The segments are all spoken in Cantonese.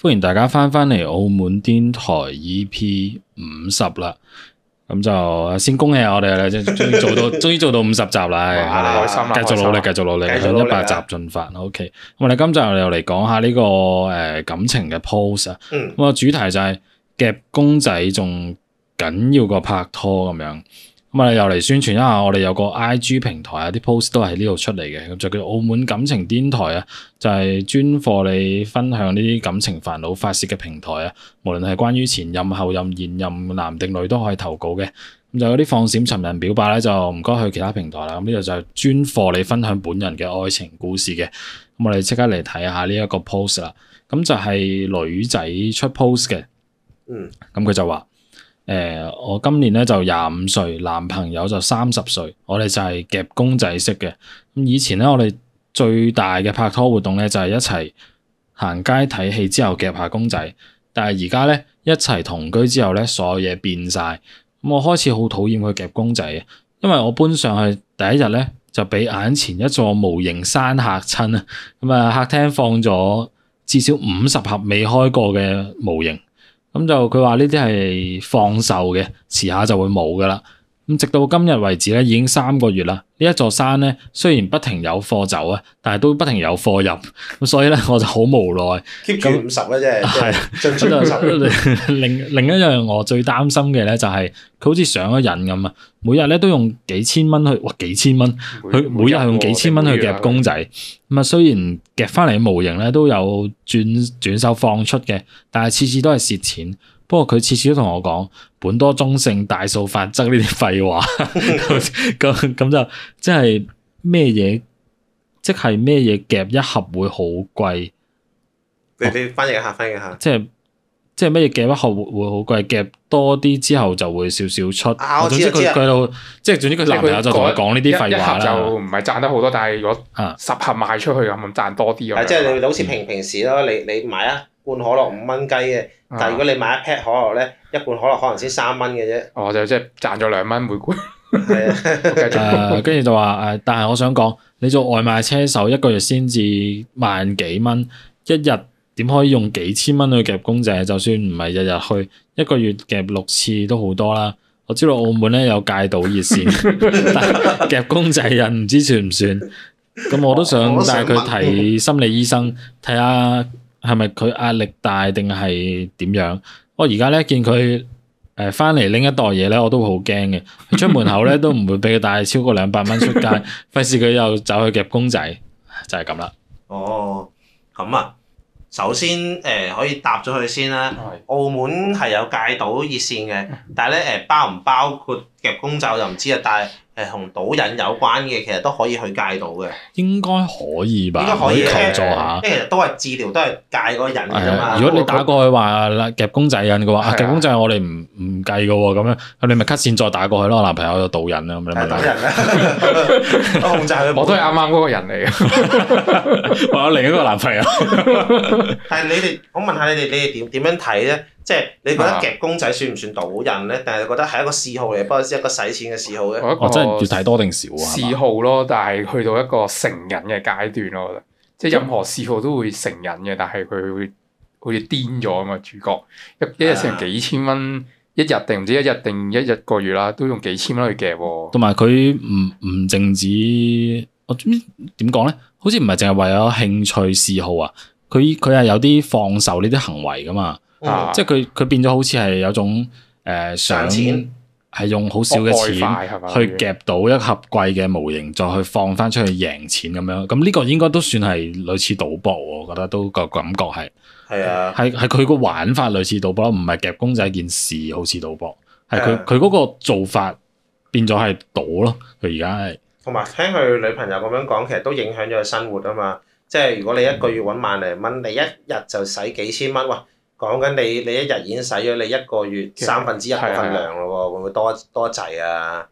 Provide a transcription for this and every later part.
歡迎大家翻返嚟澳門癲台 EP 五十啦，咁就先恭喜我哋啦，終於做到，終於 做到五十集啦，哇吧開心繼、啊、續努力，繼、啊、續努力，向一百集進發，OK。咁我哋今集又嚟講下呢、這個誒、呃、感情嘅 post 啊、嗯，咁啊主題就係、是、夾公仔仲緊要過拍拖咁樣。咁啊，我哋又嚟宣傳一下，我哋有個 I G 平台啊，啲 post 都係呢度出嚟嘅，咁就叫澳門感情癲台啊，就係專貨你分享呢啲感情煩惱發泄嘅平台啊，無論係關於前任、後任、現任男定女都可以投稿嘅，咁就有啲放閃尋人表白咧就唔該去其他平台啦，咁呢度就專貨你分享本人嘅愛情故事嘅，咁我哋即刻嚟睇下呢一個 post 啦，咁就係女仔出 post 嘅，嗯，咁佢就話。誒、呃，我今年咧就廿五歲，男朋友就三十歲，我哋就係夾公仔式嘅。咁以前咧，我哋最大嘅拍拖活動咧就係、是、一齊行街睇戲之後夾下公仔。但係而家咧一齊同居之後咧，所有嘢變晒。咁我開始好討厭佢夾公仔啊，因為我搬上去第一日咧就俾眼前一座模型山嚇親啊。咁啊，客廳放咗至少五十盒未開過嘅模型。咁就佢話呢啲係放售嘅，遲下就會冇噶啦。咁直到今日為止咧，已經三個月啦。呢一座山咧，雖然不停有貨走啊，但係都不停有貨入。咁所以咧，我就好無奈。keep 住五十咧啫，進進五十。另另一，就是，一樣我最擔心嘅咧，就係佢好似上咗癮咁啊！每日咧都用幾千蚊去，哇！幾千蚊，佢每日係用幾千蚊去夾公仔。咁啊，雖然夾翻嚟模型咧都有轉轉手放出嘅，但係次次都係蝕錢。不過佢次次都同我講本多中性、大數法則呢啲廢話咁咁 就即係咩嘢，即係咩嘢夾一盒會好貴？你你翻譯下，翻譯下，下即係即係咩嘢夾一盒會好貴？夾多啲之後就會少少出。啊啊、我知我知。即係總之佢男朋友就同佢講呢啲廢話啦。一盒就唔係賺得好多，但係如果十盒賣出去咁賺多啲啊！即係你好似平平時啦，你你買一罐可樂五蚊雞嘅。但如果你買一 pack 可樂咧，一罐可樂可能先三蚊嘅啫。哦，就即係賺咗兩蚊每罐。誒，跟住就話誒，但係我想講，你做外賣車手一個月先至萬幾蚊，一日點可以用幾千蚊去夾公仔？就算唔係日日去，一個月夾六次都好多啦。我知道澳門咧有戒賭熱線， 但夾公仔人唔知係咪算唔算？咁我都想帶佢睇心理醫生，睇下。係咪佢壓力大定係點樣？我而家咧見佢誒翻嚟拎一袋嘢咧，我都好驚嘅。 出門口咧都唔會俾佢帶超過兩百蚊出街，費事佢又走去夾公仔，就係咁啦。哦，咁啊，首先誒、呃、可以搭咗佢先啦。的澳門係有戒島熱線嘅，但係咧誒包唔包括？夾公仔我就唔知啦，但係誒同賭癮有關嘅，其實都可以去戒到嘅，應該可以吧？應該可、以可以求助下，即係其實都係治療都係戒嗰癮噶如果你打過去話夾公仔癮嘅話，夾的、啊、公仔我哋唔唔計噶喎，咁樣你咪 cut 線再打過去咯。我男朋友有賭癮啦，咁啊賭癮啊， 控制佢。我都係啱啱嗰個人嚟嘅， 我有另一個男朋友。係 你哋，我問下你哋，你哋點點樣睇咧？即係你覺得夾公仔算唔算賭人咧？定係覺得係一個嗜好嚟，不過一個使錢嘅嗜好咧。我、哦、真係要睇多定少啊！嗜好咯，吧但係去到一個成癮嘅階段咯。即係任何嗜好都會成癮嘅，但係佢會好似癲咗啊嘛。主角一一日成幾千蚊、啊，一日定唔知一日定一日個月啦，都用幾千蚊去夾喎。同埋佢唔唔淨止我點講咧？好似唔係淨係為咗興趣嗜好啊。佢佢係有啲放售呢啲行為㗎嘛。啊、即係佢佢變咗好似係有種誒、呃、上錢，想係用好少嘅錢去夾到一盒貴嘅模型，嗯、再去放翻出去贏錢咁樣，咁呢個應該都算係類似賭博，我覺得都個感覺係係啊，係係佢個玩法類似賭博，唔係夾公仔件事好似賭博，係佢佢嗰個做法變咗係賭咯，佢而家係。同埋聽佢女朋友咁樣講，其實都影響咗佢生活啊嘛。即係如果你一個月搵萬零蚊，你一日就使幾千蚊，嘩！講緊你，你一日已經使咗你一個月三分之一嘅份量咯喎，會唔會多多滯啊？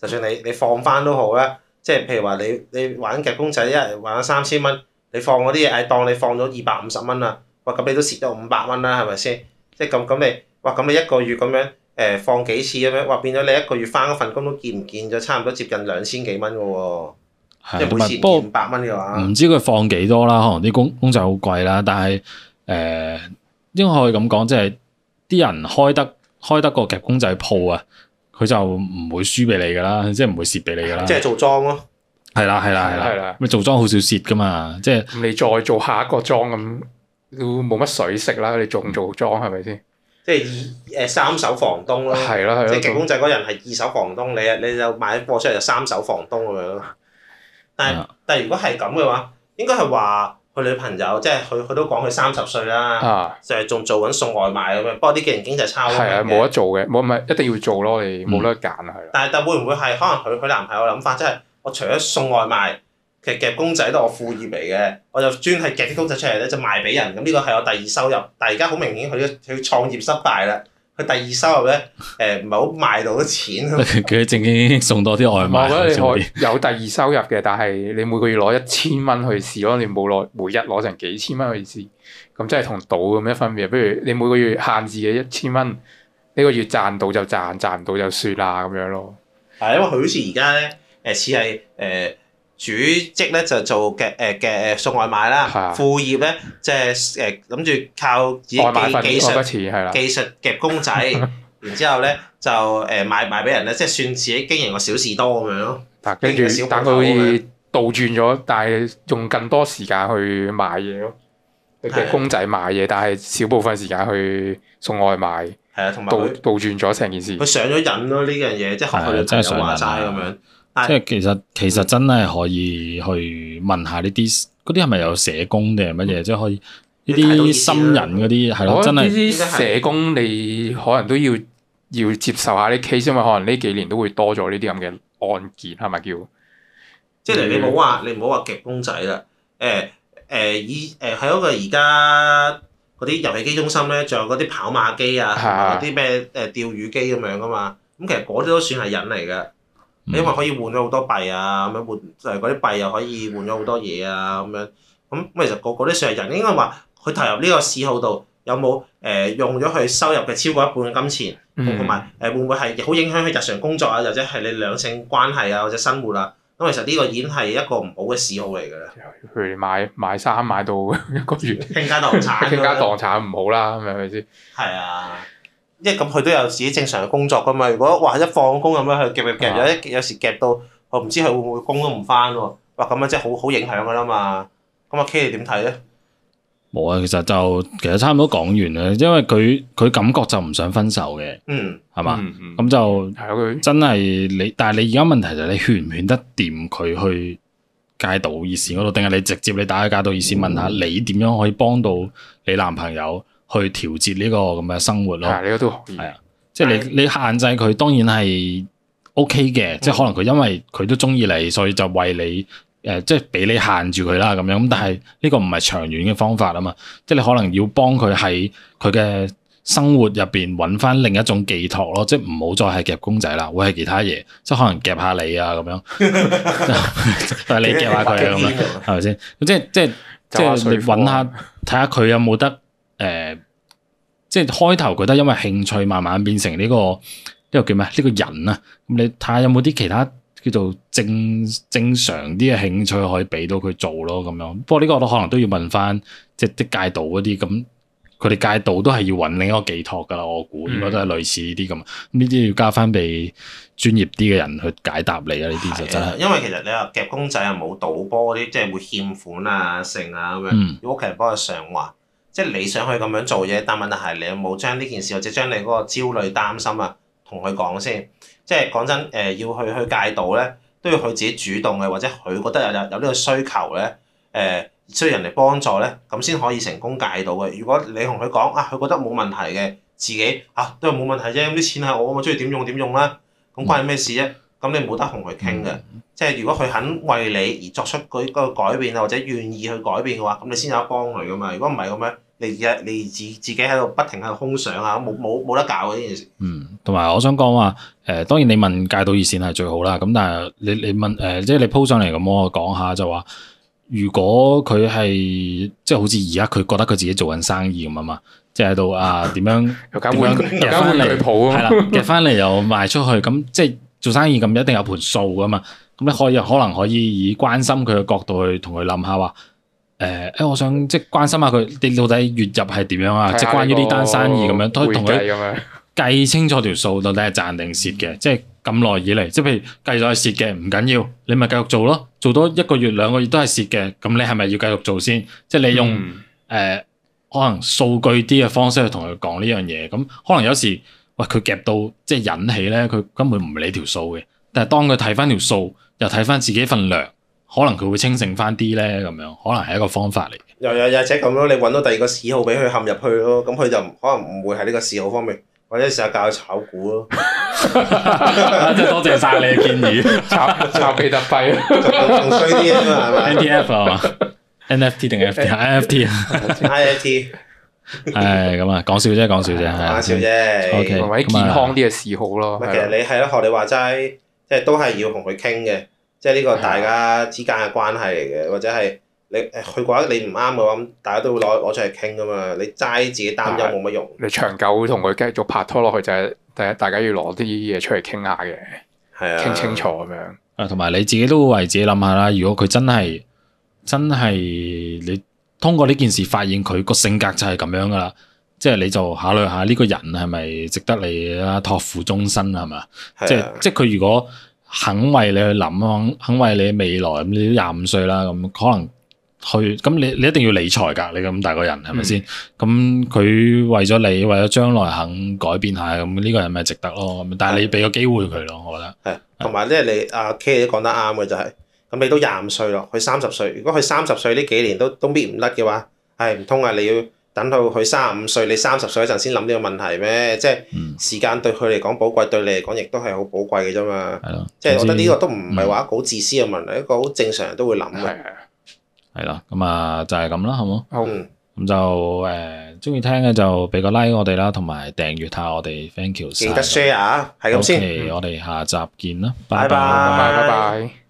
就算你你放翻都好啦，即係譬如話你你玩夾公仔一日玩咗三千蚊，你放嗰啲嘢，誒當你放咗二百五十蚊啦，哇咁你都蝕咗五百蚊啦，係咪先？即係咁咁你，哇咁你一個月咁樣誒放幾次咁樣，哇變咗你一個月翻嗰份工都見唔見咗差唔多接近兩千幾蚊嘅喎，即係每次五百蚊嘅話，唔知佢放幾多啦，可能啲公公仔好貴啦，但係誒。應該可以咁講，即係啲人開得開得個夾公仔鋪啊，佢就唔會輸俾你噶啦，即係唔會蝕俾你噶啦。即係做莊咯。係啦係啦係啦，咁做莊好少蝕噶嘛，即係。咁你再做下一個莊咁，都冇乜水食啦。你仲做莊係咪先？即係二誒三手房東咯。係啦係啦。即係夾公仔嗰人係二手房東，你啊你就買咗貨出嚟就三手房東咁樣咯。但係但係如果係咁嘅話，應該係話。佢女朋友即係佢，佢都講佢三十歲啦，就係仲做緊送外賣咁樣。不過啲經營經濟差咗嘅，係啊冇得做嘅，冇唔係一定要做咯，你冇得揀係、嗯嘅。但係但會唔會係可能佢佢男朋友諗法即係我除咗送外賣，其實夾公仔都係我副業嚟嘅，我就專係夾啲公仔出嚟咧就賣俾人，咁呢個係我第二收入。但係而家好明顯佢佢創業失敗啦。佢第二收入咧，誒唔係好賣到錢。佢 正經送多啲外賣。有第二收入嘅，但係你每個月攞一千蚊去試咯，你冇攞，每日攞成幾千蚊去試，咁真係同賭咁樣分別。不如你每個月限制嘅一千蚊，呢個月賺到就賺，賺唔到就算啦咁樣咯。係因為佢好似而家咧，誒似係誒。主職咧就做嘅誒嘅誒送外賣啦，副業咧即係誒諗住靠自己技術技術夾公仔，然之後咧就誒賣賣俾人咧，即係算自己經營個小士多咁樣。嗱，跟住但佢會倒轉咗，但係用更多時間去買嘢咯，即係公仔買嘢，但係少部分時間去送外賣。係啊，同埋倒倒轉咗成件事。佢上咗癮咯呢樣嘢，即係學佢哋成日話齋咁樣。即係其實其實真係可以去問下呢啲，嗰啲係咪有社工定係乜嘢？嗯、即係可以呢啲新人嗰啲係咯，真係。社工你可能都要要接受下啲 case 啊嘛，因為可能呢幾年都會多咗呢啲咁嘅案件，係咪叫？即係、嗯、你唔好話你唔好話夾公仔啦。誒、呃、誒以誒喺個而家嗰啲遊戲機中心咧，仲有嗰啲跑馬機啊，嗰啲咩誒釣魚機咁樣噶嘛。咁其實嗰啲都算係癮嚟嘅。因為可以換咗好多幣啊，咁樣換就係嗰啲幣又可以換咗好多嘢啊，咁樣咁咁、嗯、其實個個都算係人，應該話佢投入呢個嗜好度有冇誒、呃、用咗佢收入嘅超過一半嘅金錢，同埋誒會唔會係好影響佢日常工作啊，或者係你兩性關係啊或者生活啊？咁、嗯、其實呢個已經係一個唔好嘅嗜好嚟㗎啦。譬如買買衫買到一個月傾家蕩產，傾家蕩產唔好啦，係咪先？係啊。因為咁佢都有自己正常嘅工作㗎嘛。如果話一放工咁樣去夾夾夾，有吧有時夾到我唔知佢會唔會工都唔翻喎。哇咁啊，即係好好影響㗎啦嘛。咁阿 K 你點睇咧？冇啊，其實就其實差唔多講完啦，因為佢佢感覺就唔想分手嘅。嗯吧，係嘛？咁就真係、嗯嗯、你，但係你而家問題就你勸唔勸得掂佢去戒賭熱線嗰度，定係你直接你打去戒賭熱線問下，你點樣可以幫到你男朋友？去調節呢個咁嘅生活咯都可以，係啊，即係你你限制佢當然係 OK 嘅，嗯、即係可能佢因為佢都中意你，所以就為你誒、呃，即係俾你限住佢啦咁樣。咁但係呢個唔係長遠嘅方法啊嘛，即係你可能要幫佢喺佢嘅生活入邊揾翻另一種寄託咯，即係唔好再係夾公仔啦，會係其他嘢，即係可能夾下你啊咁樣，係 你夾下佢咁 樣，係咪先？即係即係即係你揾下睇下佢有冇得。誒、呃，即係開頭佢都因為興趣慢慢變成呢、這個呢、這個叫咩？呢、這個人啊，咁你睇下有冇啲其他叫做正正常啲嘅興趣可以俾到佢做咯，咁樣。不過呢個我都可能都要問翻，即係啲戒賭嗰啲，咁佢哋戒賭都係要揾另一個寄託噶啦。我估如果都係類似呢啲咁，呢啲要交翻俾專業啲嘅人去解答你啊。呢啲、嗯、就真係，因為其實你話夾公仔又冇賭波嗰啲，即係會欠款啊剩啊咁樣，如果屋企人幫佢償還。嗯即係你想去咁樣做嘢，但問題係你有冇將呢件事，或者將你嗰個焦慮、擔心啊，同佢講先。即係講真，誒、呃、要去去戒到咧，都要佢自己主動嘅，或者佢覺得有有呢個需求咧，誒、呃、需要人嚟幫助咧，咁先可以成功戒到嘅。如果你同佢講啊，佢覺得冇問題嘅，自己嚇、啊、都係冇問題啫，啲錢係我我鍾意點用點用啦，咁關你咩事啫？咁你冇得同佢傾嘅，嗯、即係如果佢肯為你而作出嗰個改變啊，或者願意去改變嘅話，咁你先有幫佢噶嘛。如果唔係咁樣，你而家你自自己喺度不停喺度空想啊，冇冇冇得搞呢件事。嗯，同埋我想講話，誒、呃、當然你問戒到熱線係最好啦。咁但係你你問誒、呃，即係你鋪上嚟咁我講下就話，如果佢係即係好似而家佢覺得佢自己做緊生意咁啊嘛，即係喺度啊點樣點樣夾翻嚟抱啊，係啦，夾翻嚟又賣出去咁即係。 做生意咁一定有盤數噶嘛，咁你可以可能可以以關心佢嘅角度去同佢諗下話，誒、呃、誒，我想即係關心下佢，你到底月入係點樣啊？看看即係關於呢單生意咁樣，都可以同佢計清楚條數，到底係賺定蝕嘅？即係咁耐以嚟，即係譬如計咗係蝕嘅，唔緊要，你咪繼續做咯。做多一個月兩個月都係蝕嘅，咁你係咪要繼續做先？即係你用誒、嗯呃、可能數據啲嘅方式去同佢講呢樣嘢，咁可能有時。喂，佢夾到即係引起咧，佢根本唔理條數嘅。但係當佢睇翻條數，又睇翻自己份糧，可能佢會清醒翻啲咧，咁樣可能係一個方法嚟嘅。又又又且咁咯，你搵到第二個嗜好俾佢陷入去咯，咁佢就可能唔會係呢個嗜好方面，或者試下教炒股咯。真係多謝晒你嘅建議，炒炒基得飛，仲衰啲啊嘛？NFT 啊嘛？NFT 定 Ft？IFT 啊？IFT。係咁啊，講笑啫，講笑啫，講笑啫，或者健康啲嘅嗜好咯。嗯、的其實你係咯，學你話齋，即係都係要同佢傾嘅，即係呢個大家之間嘅關係嚟嘅，或者係你誒，佢覺得你唔啱嘅話，大家都會攞攞出嚟傾㗎嘛。你齋自己擔憂冇乜用，你長久同佢繼續拍拖落去就係第一大家要攞啲嘢出嚟傾下嘅，傾、嗯、清楚咁樣。誒的，同埋你自己都會為自己諗下啦。如果佢真係真係你。真的真的通過呢件事，發現佢個性格就係咁樣噶啦，即係你就考慮下呢個人係咪值得你終是啊託付終身啊？係咪？即係即係佢如果肯為你去諗咯，肯為你未來咁，你都廿五歲啦，咁可能去咁你，你一定要理財噶，你咁大個人係咪先？咁佢、嗯、為咗你，為咗將來肯改變下，咁呢個人咪值得咯？但係你俾個機會佢咯，我覺得係，同埋即係你阿 K 都講得啱嘅就係、是。咁你都廿五歲咯，佢三十歲。如果佢三十歲呢幾年都都搣唔甩嘅話，係唔通啊？你要等到佢三十五歲，你三十歲嗰陣先諗呢個問題咩？即係時間對佢嚟講寶貴，對你嚟講亦都係好寶貴嘅啫嘛。係咯，即係我覺得呢個都唔係話好自私嘅問題，一個好正常人都會諗嘅。係啦，咁啊就係咁啦，好冇？好。咁就誒鍾意聽嘅就俾個 like 我哋啦，同埋訂閱下我哋。Thank you，記得 share 啊，係咁先。我哋下集見啦，拜拜，拜拜。